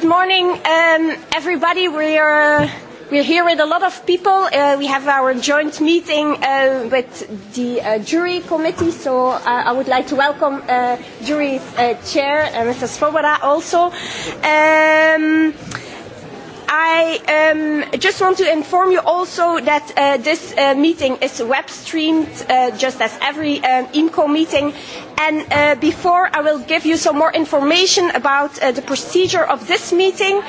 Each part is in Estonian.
Good morning, um, everybody. We are we're here with a lot of people. Uh, we have our joint meeting uh, with the uh, jury committee, so uh, I would like to welcome uh, jury's uh, chair, uh, Mr. Svoboda, also. Um, I um, just want to inform you also that uh, this uh, meeting is web streamed, uh, just as every um, IMCO meeting. And uh, before I will give you some more information about uh, the procedure of this meeting, um,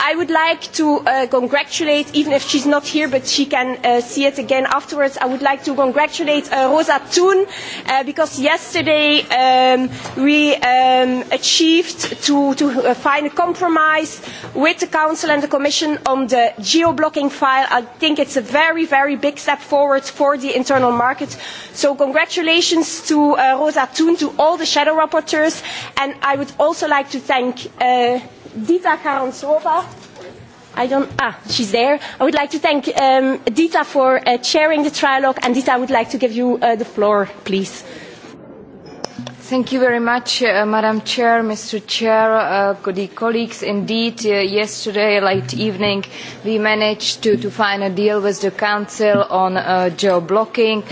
I would like to uh, congratulate, even if she's not here, but she can uh, see it again afterwards, I would like to congratulate uh, Rosa Thun, uh, because yesterday um, we um, achieved to, to uh, find a compromise with the Council and the Commission on the geo-blocking file. I think it's a very, very big step forward for the internal market. So congratulations to uh, Rosa Thun, to all the shadow rapporteurs, and I would also like to thank uh, Dita Karantsova. I don't, ah, she's there. I would like to thank um, Dita for uh, chairing the trilogue, and Dita, I would like to give you uh, the floor, please. Thank you very much, uh, Madam Chair, Mr. Chair, uh, colleague, colleagues. Indeed, uh, yesterday late evening, we managed to, to find a deal with the Council on uh, geo-blocking. Uh,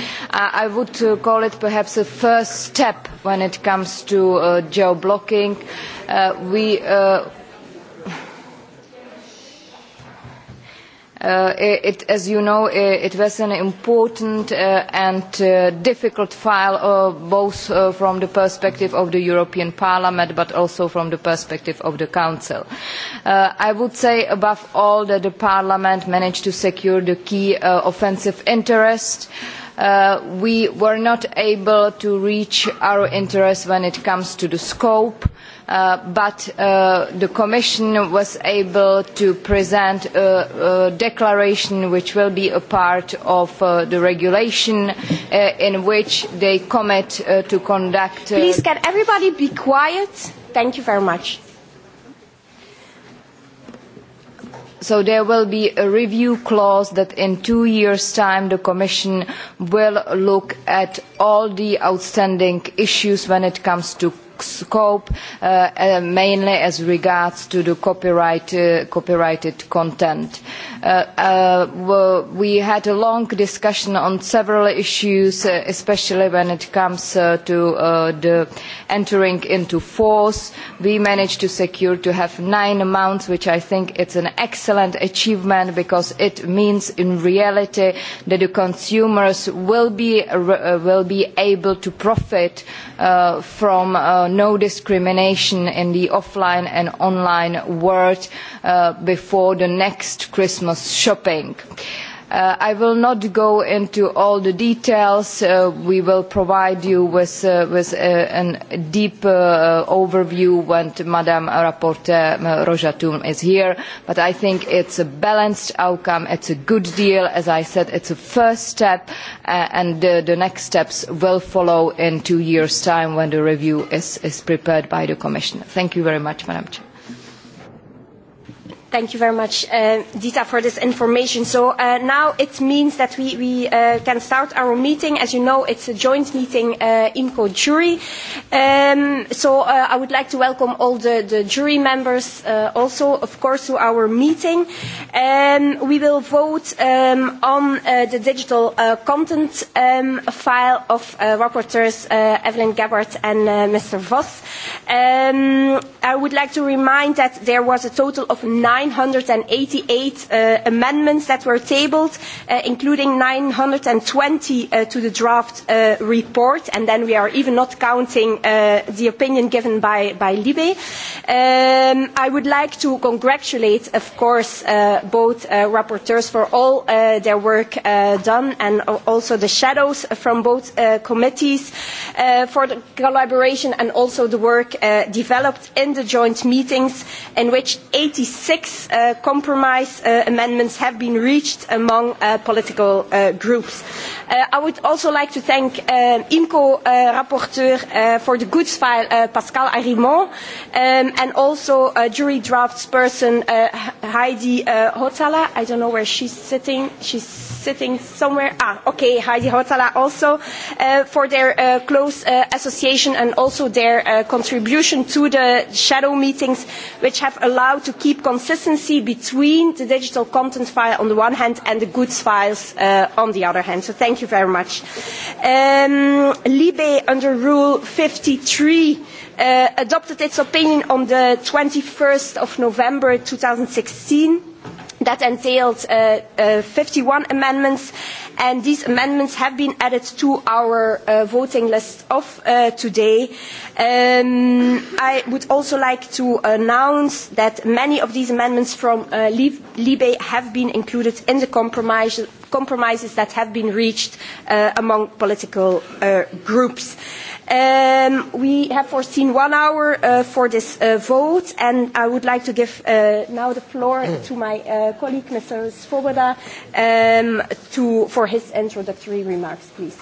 I would uh, call it perhaps a first step when it comes to uh, geo-blocking. Uh, we uh, Uh, it, as you know, uh, it was an important uh, and uh, difficult file, uh, both uh, from the perspective of the European Parliament, but also from the perspective of the Council. Uh, I would say, above all, that the Parliament managed to secure the key uh, offensive interest. Uh, we were not able to reach our interests when it comes to the scope Uh, but uh, the Commission was able to present a, a declaration which will be a part of uh, the regulation uh, in which they commit uh, to conduct... Uh, Please can everybody be quiet? Thank you very much. So there will be a review clause that in two years' time the Commission will look at all the outstanding issues when it comes to scope, uh, uh, mainly as regards to the copyright, uh, copyrighted content. Uh, uh, we had a long discussion on several issues, uh, especially when it comes uh, to uh, the entering into force. We managed to secure to have nine months, which I think it's an excellent achievement because it means in reality that the consumers will be, uh, will be able to profit uh, from uh, no discrimination in the offline and online world uh, before the next Christmas Christmas shopping. Uh, I will not go into all the details. Uh, we will provide you with, uh, with uh, a deep uh, overview when Madam Rapporteur uh, Roja Thun is here. But I think it's a balanced outcome. It's a good deal. As I said, it's a first step, and the next steps will follow in two years' time when the review is, is prepared by the Commission. Thank you very much, Madam Chair. Thank you very much, uh, Dita, for this information. So uh, now it means that we, we uh, can start our meeting. As you know, it's a joint meeting, uh, IMCO jury. Um, so uh, I would like to welcome all the, the jury members uh, also, of course, to our meeting. Um, we will vote um, on uh, the digital uh, content um, file of uh, rapporteurs uh, Evelyn Gabbard and uh, Mr. Voss. Um, I would like to remind that there was a total of nine 988 uh, amendments that were tabled, uh, including 920 uh, to the draft uh, report, and then we are even not counting uh, the opinion given by, by Libe. Um, I would like to congratulate, of course, uh, both uh, rapporteurs for all uh, their work uh, done, and also the shadows from both uh, committees uh, for the collaboration and also the work uh, developed in the joint meetings in which 86 six uh, compromise uh, amendments have been reached among uh, political uh, groups. Uh, I would also like to thank um, uh, IMCO uh, rapporteur uh, for the goods file, uh, Pascal Arimont, um, and also uh, jury draftsperson uh, Heidi uh, Hotala. I don't know where she's sitting. She's sitting somewhere. Ah, okay, Heidi Hautala also, uh, for their uh, close uh, association and also their uh, contribution to the shadow meetings, which have allowed to keep consistency between the digital content file on the one hand and the goods files uh, on the other hand. So thank you very much. Um, Libe, under Rule 53, uh, adopted its opinion on the 21st of November 2016 That entailed uh, uh, 51 amendments, and these amendments have been added to our uh, voting list of uh, today. Um, I would also like to announce that many of these amendments from uh, Libe have been included in the compromise, compromises that have been reached uh, among political uh, groups. Uh, Um, we have foreseen one hour uh, for this uh, vote, and I would like to give uh, now the floor hmm. to my uh, colleague, Mr. Svoboda, um, to, for his introductory remarks, please.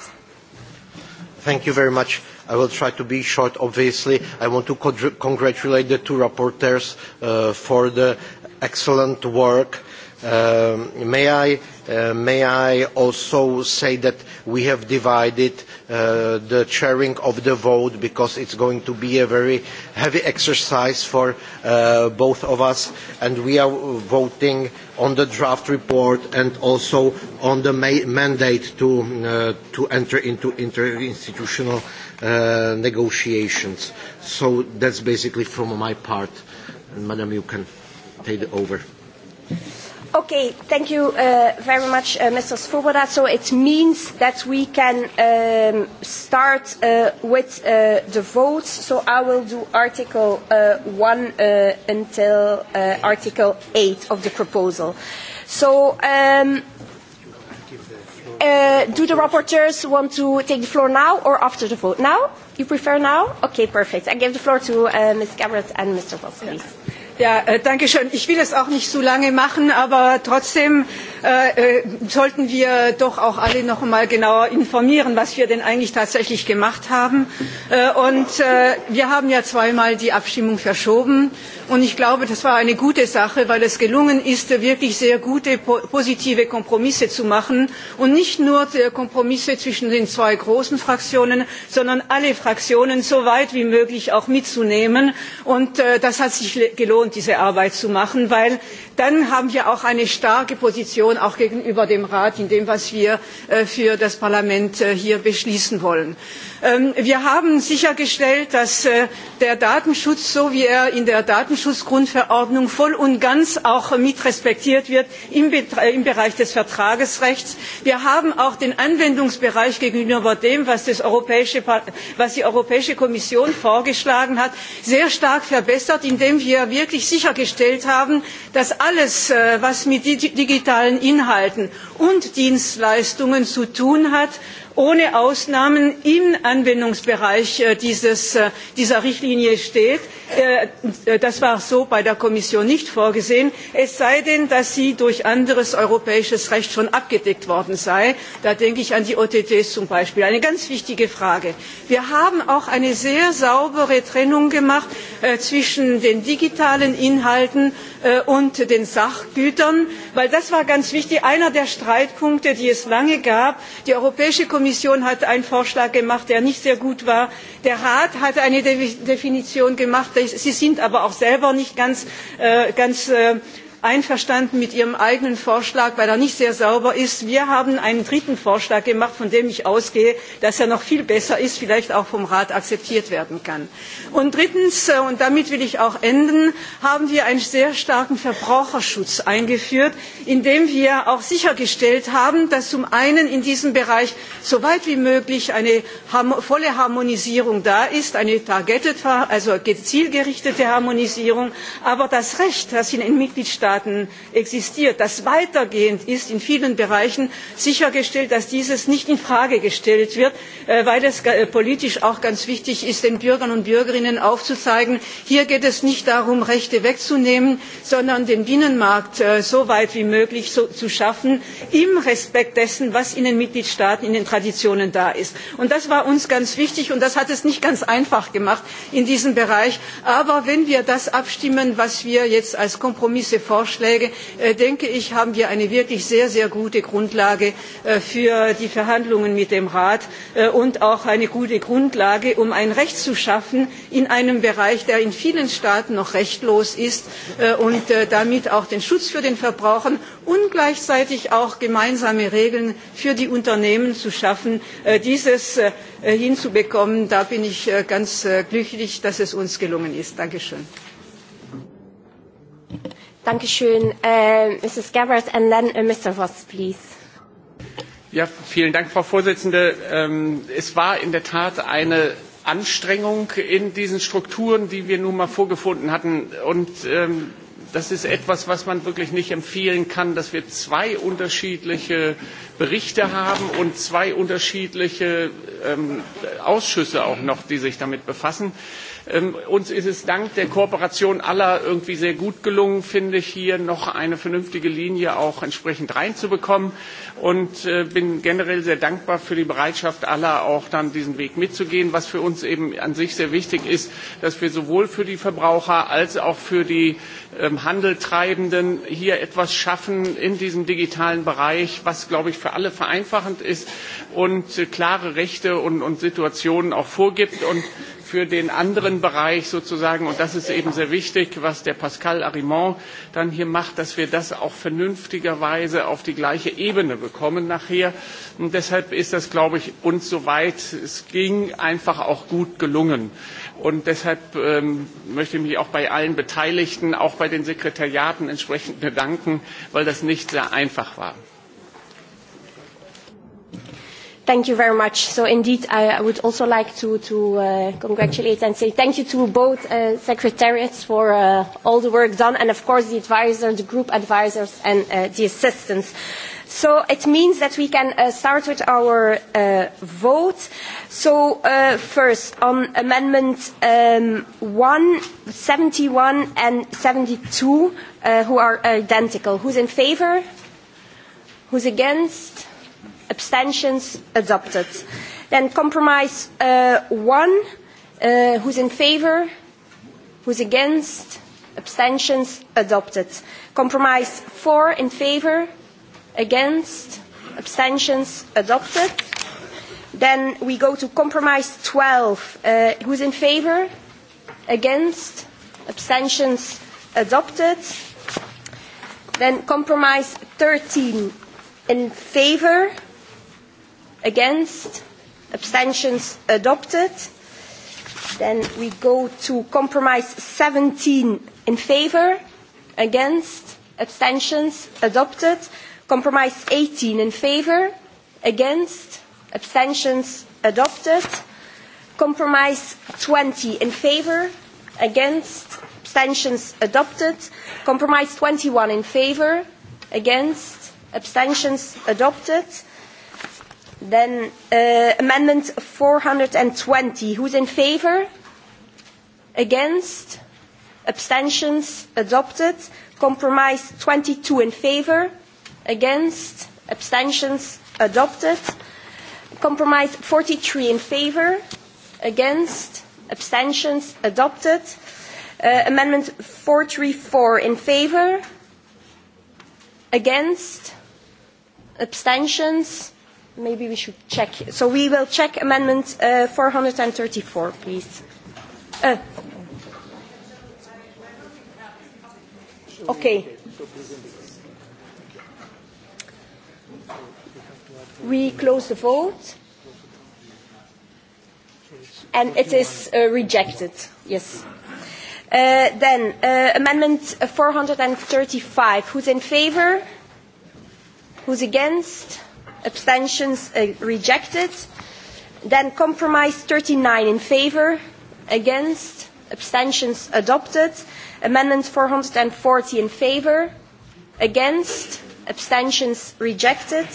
Thank you very much. I will try to be short, obviously. I want to congratulate the two rapporteurs uh, for the excellent work Uh, may I, uh, may I also say that we have divided uh, the chairing of the vote because it's going to be a very heavy exercise for uh, both of us and we are voting on the draft report and also on the ma mandate to, uh, to enter into interinstitutional uh, negotiations. So that's basically from my part. And Madam, you can take it over. Okay, thank you uh, very much, uh, Mr. Svoboda. So it means that we can um, start uh, with uh, the votes. So I will do Article uh, 1 uh, until uh, Article 8 of the proposal. So um, uh, do the rapporteurs want to take the floor now or after the vote? Now? You prefer now? Okay, perfect. I give the floor to uh, Ms. Gabbard and Mr. Voss, please. Yeah. Ja, äh, danke schön. Ich will es auch nicht so lange machen, aber trotzdem äh, äh, sollten wir doch auch alle noch einmal genauer informieren, was wir denn eigentlich tatsächlich gemacht haben. Äh, und äh, wir haben ja zweimal die Abstimmung verschoben. Und ich glaube, das war eine gute Sache, weil es gelungen ist, wirklich sehr gute, po positive Kompromisse zu machen. Und nicht nur Kompromisse zwischen den zwei großen Fraktionen, sondern alle Fraktionen so weit wie möglich auch mitzunehmen. Und äh, das hat sich gelohnt hintergrund um diese arbeit zu machen denn dann haben wir auch eine starke position auch gegenüber dem rat in dem was wir äh, für das parlament äh, hier beschließen wollen. Ähm, wir haben sichergestellt dass äh, der datenschutz so wie er in der datenschutzgrundverordnung voll und ganz auch mit respektiert wird im bereich des vertragsrechts. wir haben auch den anwendungsbereich gegenüber dem was die europäische kommission vorgeschlagen hat sehr stark verbessert indem wir wirklich sichergestellt haben dass alles äh, was mit digitalen inhalten und dienstleistungen zu tun hat ohne ausnahmen im anwendungsbereich äh, dieses, äh, dieser richtlinie steht. Äh, das war so bei der kommission nicht vorgesehen es sei denn dass sie durch anderes europäisches recht schon abgedeckt worden sei. da denke ich an die ott zum beispiel. eine ganz wichtige frage. wir haben auch eine sehr saubere trennung gemacht zwischen den digitalen inhalten und den sachgütern weil das war ganz wichtig einer der streitpunkte die es lange gab. die europäische kommission hat einen vorschlag gemacht der nicht sehr gut war der rat hat eine definition gemacht sie sind aber auch selber nicht ganz äh, äh, einverstanden mit ihrem eigenen vorschlag weil er nicht sehr sauber ist. wir haben einen dritten vorschlag gemacht von dem ich ausgehe dass er noch viel besser ist vielleicht auch vom rat akzeptiert werden kann. und drittens äh, und damit will ich auch enden haben wir einen sehr starken verbraucherschutz eingeführt indem wir auch sichergestellt haben dass zum einen in diesem bereich so weit wie möglich eine volle harmonisierung da ist eine targeted also zielgerichtete harmonisierung aber das recht das in den mitgliedstaaten mitgliedstaaten existiert das weitergehend ist in vielen bereichen sichergestellt dass dies nicht in frage gestellt wird äh, weil es äh, politisch auch ganz wichtig ist den bürgern und bürgerinnen aufzuzeigen hier geht es nicht darum rechte wegzunehmen sondern den binnenmarkt äh, so weit wie möglich zu schaffen im respekt dessen was in den mitgliedstaaten in den traditionen da ist. das war uns ganz wichtig und das hat es nicht ganz einfach gemacht in diesem bereich. aber wenn wir das abstimmen was wir jetzt als kompromisse vorschläge äh, denke ich haben wir eine wirklich sehr sehr gute grundlage äh, für die verhandlungen mit dem rat äh, und auch eine gute grundlage um ein recht zu schaffen in einem bereich der in vielen staaten noch rechtlos ist und damit auch den schutz für den verbraucher und gleichzeitig auch gemeinsame regeln für die unternehmen zu schaffen. dies hinzubekommen da bin ich ganz glücklich dass es uns gelungen ist. danke schön! Dankeschön, äh, Mrs. Gabbard, and then uh, Mr. Voss, please. Ja, vielen Dank, Frau Vorsitzende. Ähm, es war in der Tat eine Anstrengung in diesen Strukturen, die wir nun mal vorgefunden hatten. Und ähm, das ist etwas, was man wirklich nicht empfehlen kann, dass wir zwei unterschiedliche Berichte haben und zwei unterschiedliche ähm, Ausschüsse auch noch, die sich damit befassen. Äh, Ähm, uns ist es dank der Kooperation aller irgendwie sehr gut gelungen, finde ich, hier noch eine vernünftige Linie auch entsprechend reinzubekommen und äh, bin generell sehr dankbar für die Bereitschaft aller, auch dann diesen Weg mitzugehen, was für uns eben an sich sehr wichtig ist, dass wir sowohl für die Verbraucher als auch für die ähm, Handeltreibenden hier etwas schaffen in diesem digitalen Bereich, was, glaube ich, für alle vereinfachend ist und äh, klare Rechte und, und Situationen auch vorgibt und für den anderen Bereich sozusagen, und das ist eben sehr wichtig, was der Pascal Arimont dann hier macht, dass wir das auch vernünftigerweise auf die gleiche Ebene bekommen nachher. Und deshalb ist das, glaube ich, uns soweit es ging, einfach auch gut gelungen. Und deshalb ähm, möchte ich mich auch bei allen Beteiligten, auch bei den Sekretariaten entsprechend bedanken, weil das nicht sehr einfach war. Thank you very much. So indeed, I would also like to, to uh, congratulate and say thank you to both uh, secretariats for uh, all the work done, and of course the advisors, the group advisors, and uh, the assistants. Uh, So it means that we can uh, start with our uh, vote. So uh, first, on Amendment um, 1, 71 and 72, uh, who are identical. Who's in favour? Who's against? Abstentions? Adopted. Then compromise uh, 1, uh, who's in favour? Who's against? Abstentions? Adopted. Compromise 4, in favour? against abstentions adopted then we go to compromise 12 uh, who's in favor against abstentions adopted then compromise 13 in favor against abstentions adopted then we go to compromise 17 in favor against abstentions adopted Compromise 18 in favour, against, abstentions adopted. Compromise 20 in favour, against, abstentions adopted. Compromise 21 in favour, against, abstentions adopted. Then uh, amendment 420, who's in favour? Against, abstentions adopted. Compromise 22 in favour, against, abstentions adopted. Compromise 43 in favour, against, abstentions adopted. Uh, amendment 434 in favour, against, abstentions. Maybe we should check. So we will check amendment uh, 434, please. Uh, okay. We close the vote. And it is uh, rejected. Yes. Uh, then, uh, Amendment 435. Who's in favour? Who's against? Abstentions uh, rejected. Then compromise 39 in favour, against, abstentions adopted. Amendment 440 in favour, against, abstentions rejected.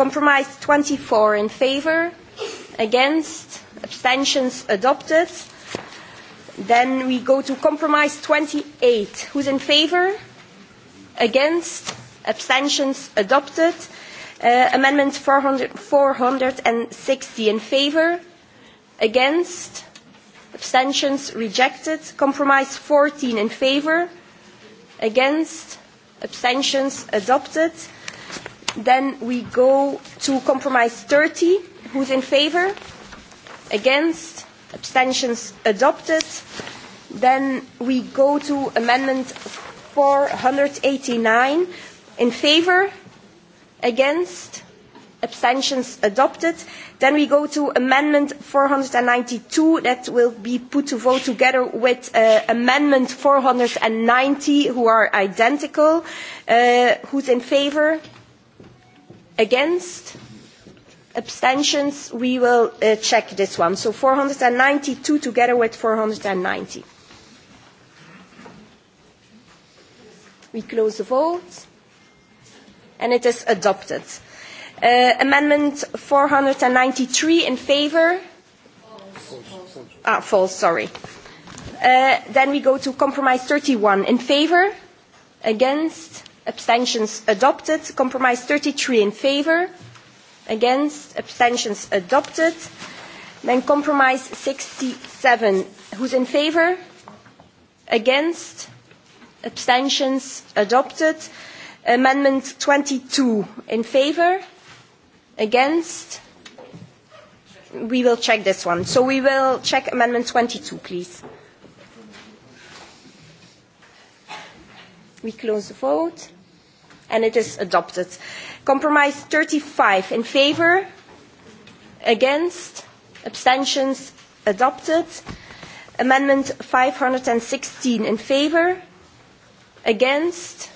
Compromise 24 in favor, against, abstentions adopted. Then we go to compromise 28. Who's in favor? Against? Abstentions adopted. Uh, amendment 400, 460 in favor? Against? Abstentions rejected. Compromise 14 in favor? Against? Abstentions adopted. Uh, Then we go to compromise 30. Who's in favor? Against? Abstentions adopted. Then we go to amendment 489. In favor? Against? Abstentions adopted. Then we go to amendment 492 that will be put to vote together with uh, amendment 490 who are identical. Uh, who's in favor? Against? against abstentions we will uh, check this one so 492 together with 490 we close the vote and it is adopted uh, amendment 493 in favor false. false. ah false sorry uh, then we go to compromise 31 in favor against abstentions adopted. Compromise 33 in favour, against, abstentions adopted. Then compromise 67, who's in favour? Against, abstentions adopted. Amendment 22 in favour, against. We will check this one. So we will check Amendment 22, please. We close the vote and it is adopted. Compromise 35 in favor, against, abstentions adopted. Amendment 516 in favor, against,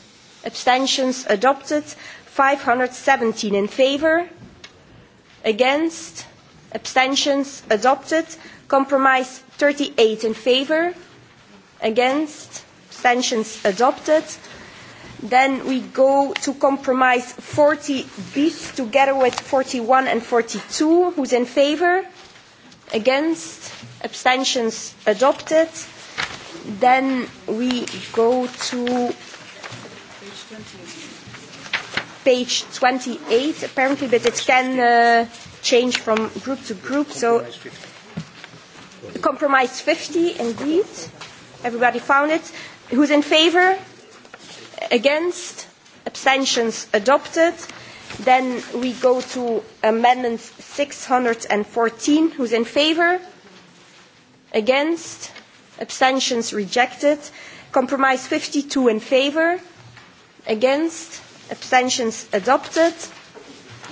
abstentions adopted. 517 in favor, against, abstentions adopted. Compromise 38 in favor, against, abstentions adopted. Then we go to compromise 40 bis together with 41 and 42. Who's in favor? Against? Abstentions adopted. Then we go to page 28 apparently, but it can uh, change from group to group. So compromise 50 indeed. Everybody found it. Who's in favor? against abstentions adopted then we go to amendment 614 who's in favor against abstentions rejected compromise 52 in favor against abstentions adopted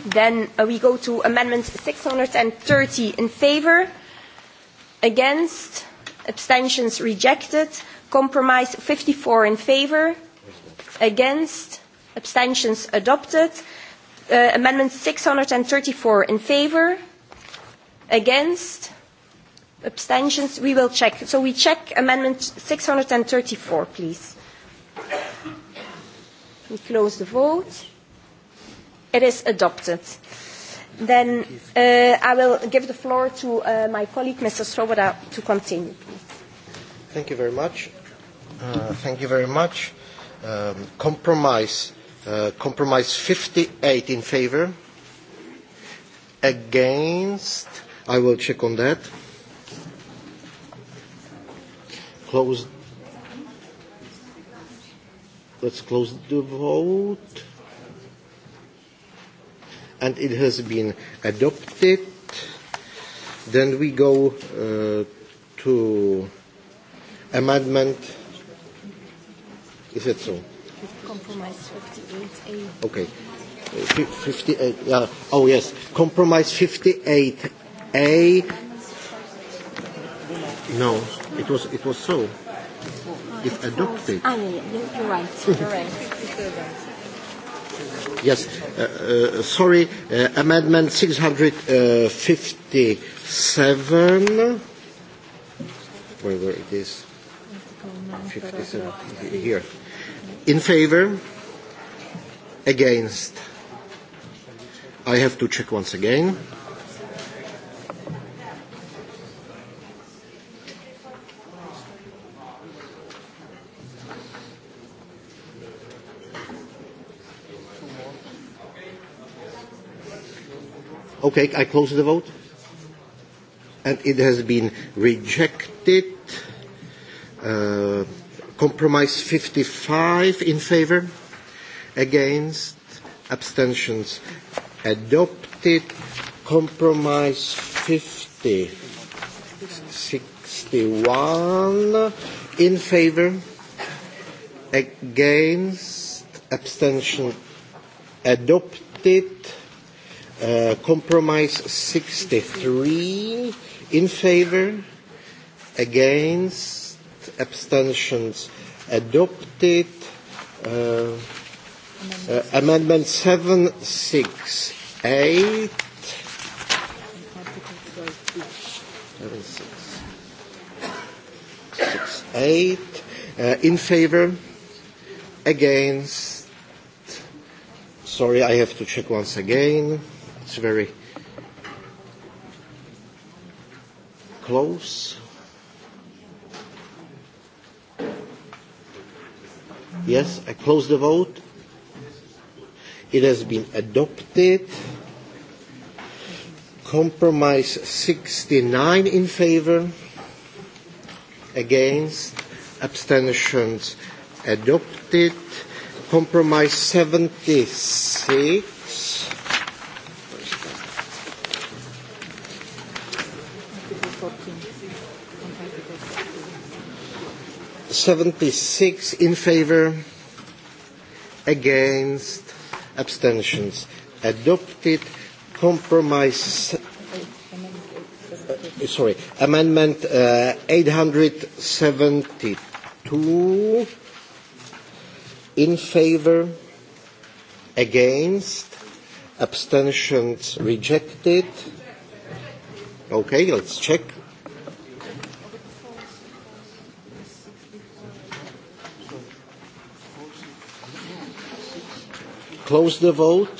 then uh, we go to amendment 630 in favor against abstentions rejected compromise 54 in favor against abstentions adopted uh, amendment 634 in favor against abstentions we will check so we check amendment 634 please we close the vote it is adopted then uh, I will give the floor to uh, my colleague Mr. Svoboda to continue please thank you very much uh, thank you very much um, compromise, uh, compromise 58 in favor, against, I will check on that, close, let's close the vote, and it has been adopted. Then we go uh, to amendment Is it so? Compromise 58A. Okay. Uh, 58, yeah. Oh, yes. Compromise 58A. No, it was, it was so. If adopted. Ah, yeah, yeah. You're right. You're right. Yes. Uh, uh, sorry, uh, amendment 657. Uh, where, where it is? 57. Here. In favor? Against? I have to check once again. Okay, I close the vote. And it has been rejected. Uh, Compromise 55 in favor, against, abstentions adopted. Compromise 50, 61 in favor, against, abstention adopted. Uh, compromise 63 in favor, against, abstentions adopted. Uh, uh, amendment 7, 6, 8. Seven, six, six, eight. Uh, in favor, against. Sorry, I have to check once again. It's very close. Yes, I close the vote. It has been adopted. Compromise 69 in favor, against, abstentions adopted. Compromise 76 76 in favor, against, abstentions. Adopted. Compromise. Uh, sorry. Amendment uh, 872 in favor, against, abstentions rejected. Okay, let's check. close the vote.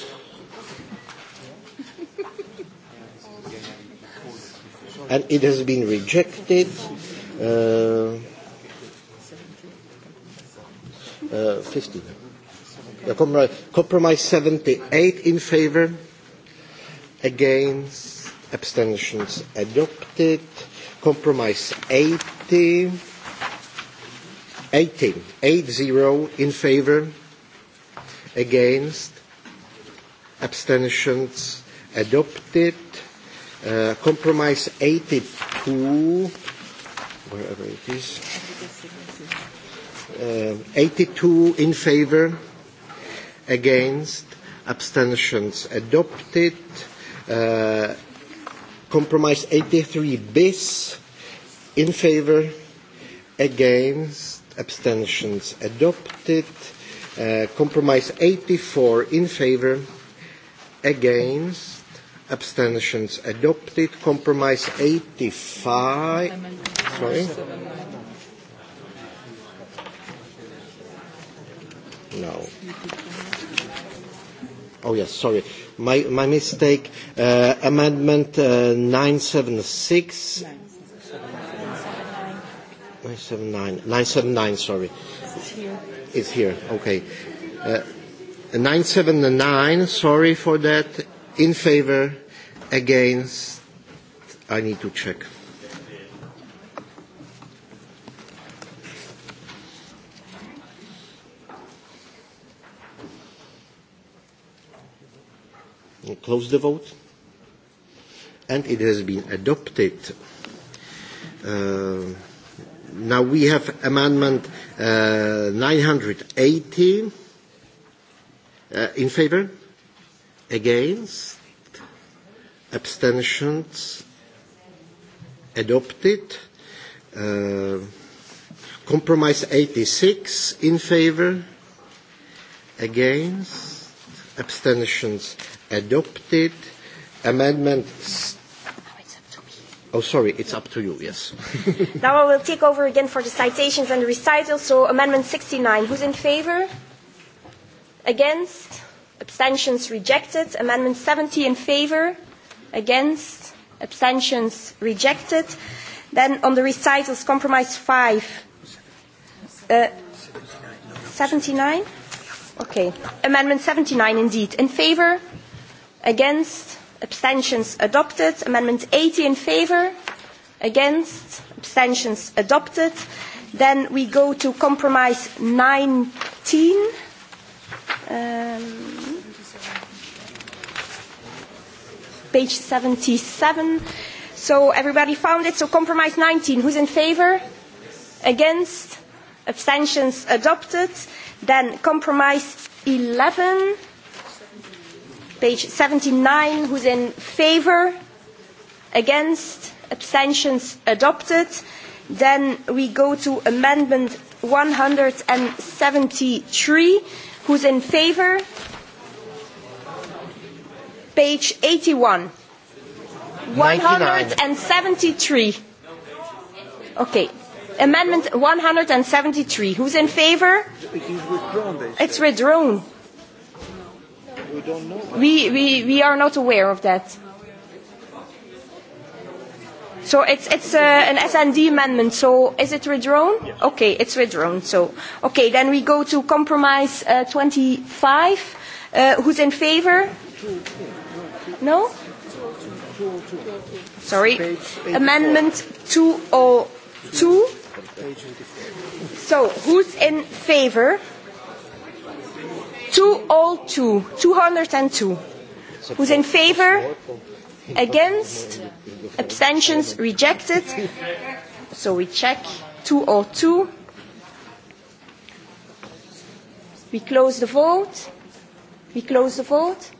and it has been rejected. Uh, uh, 15. Uh, compromise, compromise 78 in favor, against, abstentions adopted. Compromise 80, 18, 80 in favor against, abstentions adopted. Uh, compromise 82, wherever it is, uh, 82 in favor, against, abstentions adopted. Uh, compromise 83 bis in favor, against, abstentions adopted. Uh, Uh, compromise 84 in favor, against, abstentions adopted. Compromise 85. Sorry. No. Oh, yes, sorry. My, my mistake. Uh, amendment uh, 976. 979. 979, sorry. It's here. It's here, okay. Uh, 979, sorry for that. In favor, against, I need to check. We'll close the vote. And it has been adopted. Uh, now we have amendment Uh, 980 uh, in favor, against, abstentions, adopted. Uh, compromise 86 in favor, against, abstentions, adopted. Amendment Oh, sorry, it's up to you, yes. now I will take over again for the citations and the recital. So Amendment 69, who's in favour? Against? Abstentions rejected. Amendment 70 in favour? Against? Abstentions rejected. Then on the recitals, compromise 5. Uh, 79? Okay. Amendment 79 indeed. In favour? Against? abstentions adopted. Amendment 80 in favour, against, abstentions adopted. Then we go to compromise 19. Um, page 77. So everybody found it. So compromise 19. Who's in favour? Against? Abstentions adopted. Then compromise 11. Page 79, who's in favor? Against? Abstentions adopted. Then we go to Amendment 173. Who's in favor? Page 81. 173. Okay. Amendment 173. Who's in favor? It is withdrawn. It's withdrawn don't know that. We, we, we are not aware of that. So it's, it's uh, an SND amendment. So is it withdrawn? Yes. Okay, it's withdrawn. So okay, then we go to compromise uh, 25. Uh, who's in favour? No. Sorry. Oh Page 84. Amendment 202. Page 84. So who's in favour? 202. 202. Who's in favor? Against? Abstentions rejected. So we check 202. We close the vote. We close the vote.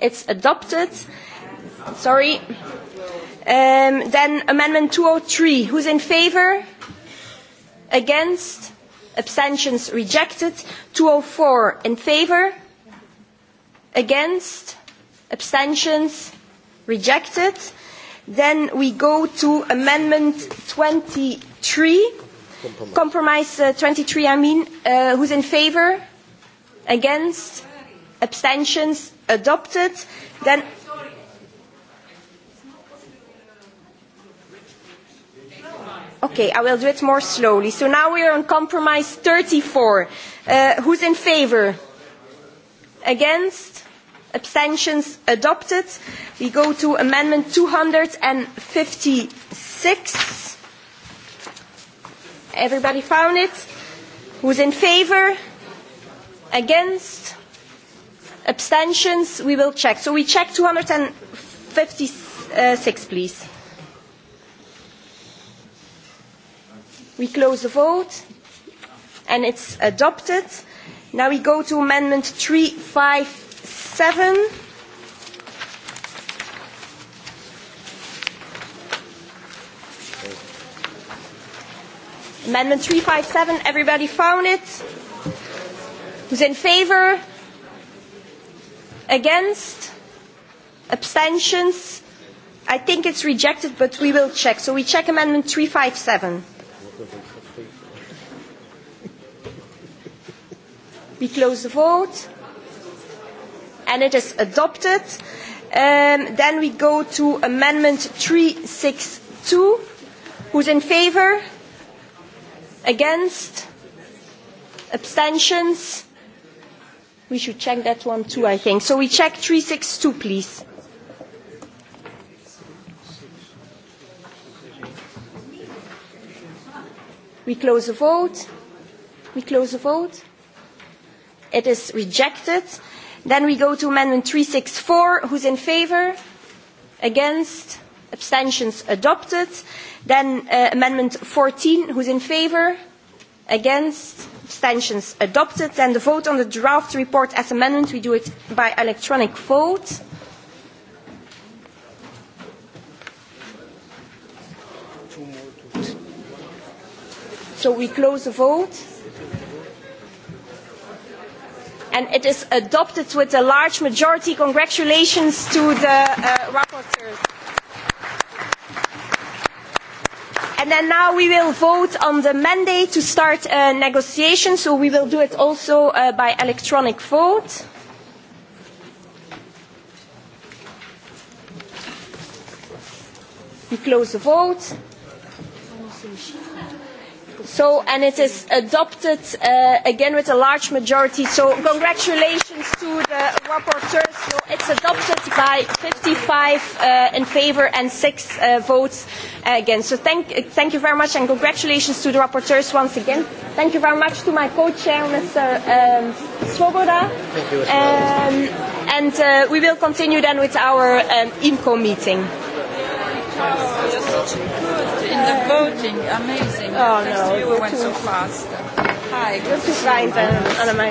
It's adopted. Sorry. Um, then amendment 203. Who's in favor? Against? abstentions rejected 204 in favor against abstentions rejected then we go to amendment 23 compromise, compromise uh, 23 i mean uh, who's in favor against abstentions adopted then Okay, I will do it more slowly. So now we are on compromise 34. Uh, who's in favour? Against? Abstentions adopted. We go to amendment 256. Everybody found it? Who's in favour? Against? Abstentions? We will check. So we check 256, uh, please. we close the vote and it's adopted now we go to amendment 357 Amendment 357, everybody found it? Who's in favour? Against? Abstentions? I think it's rejected, but we will check. So we check Amendment 357. We close the vote. And it is adopted. Um, then we go to Amendment 362. Who's in favour? Against? Abstentions? We should check that one too, I think. So we check 362, please. We close the vote. We close the vote it is rejected. Then we go to amendment 364. Who's in favor? Against? Abstentions adopted. Then uh, amendment 14. Who's in favor? Against? Abstentions adopted. Then the vote on the draft report as amendment. We do it by electronic vote. So we close the vote and it is adopted with a large majority. Congratulations to the uh, rapporteurs. And then now we will vote on the mandate to start uh, negotiations, so we will do it also uh, by electronic vote. We close the vote. So, and it is adopted uh, again with a large majority. So congratulations to the rapporteurs. So it's adopted by 55 uh, in favor and six uh, votes uh, again. So thank, thank you very much and congratulations to the rapporteurs once again. Thank you very much to my co-chair, Mr. Um, Svoboda. Thank you as well. Um, and uh, we will continue then with our um, IMCO meeting fast yesterday. Good. In the voting, amazing. Oh, Thanks no. to you, we went too... so fast. Hi. Good to find Anna May.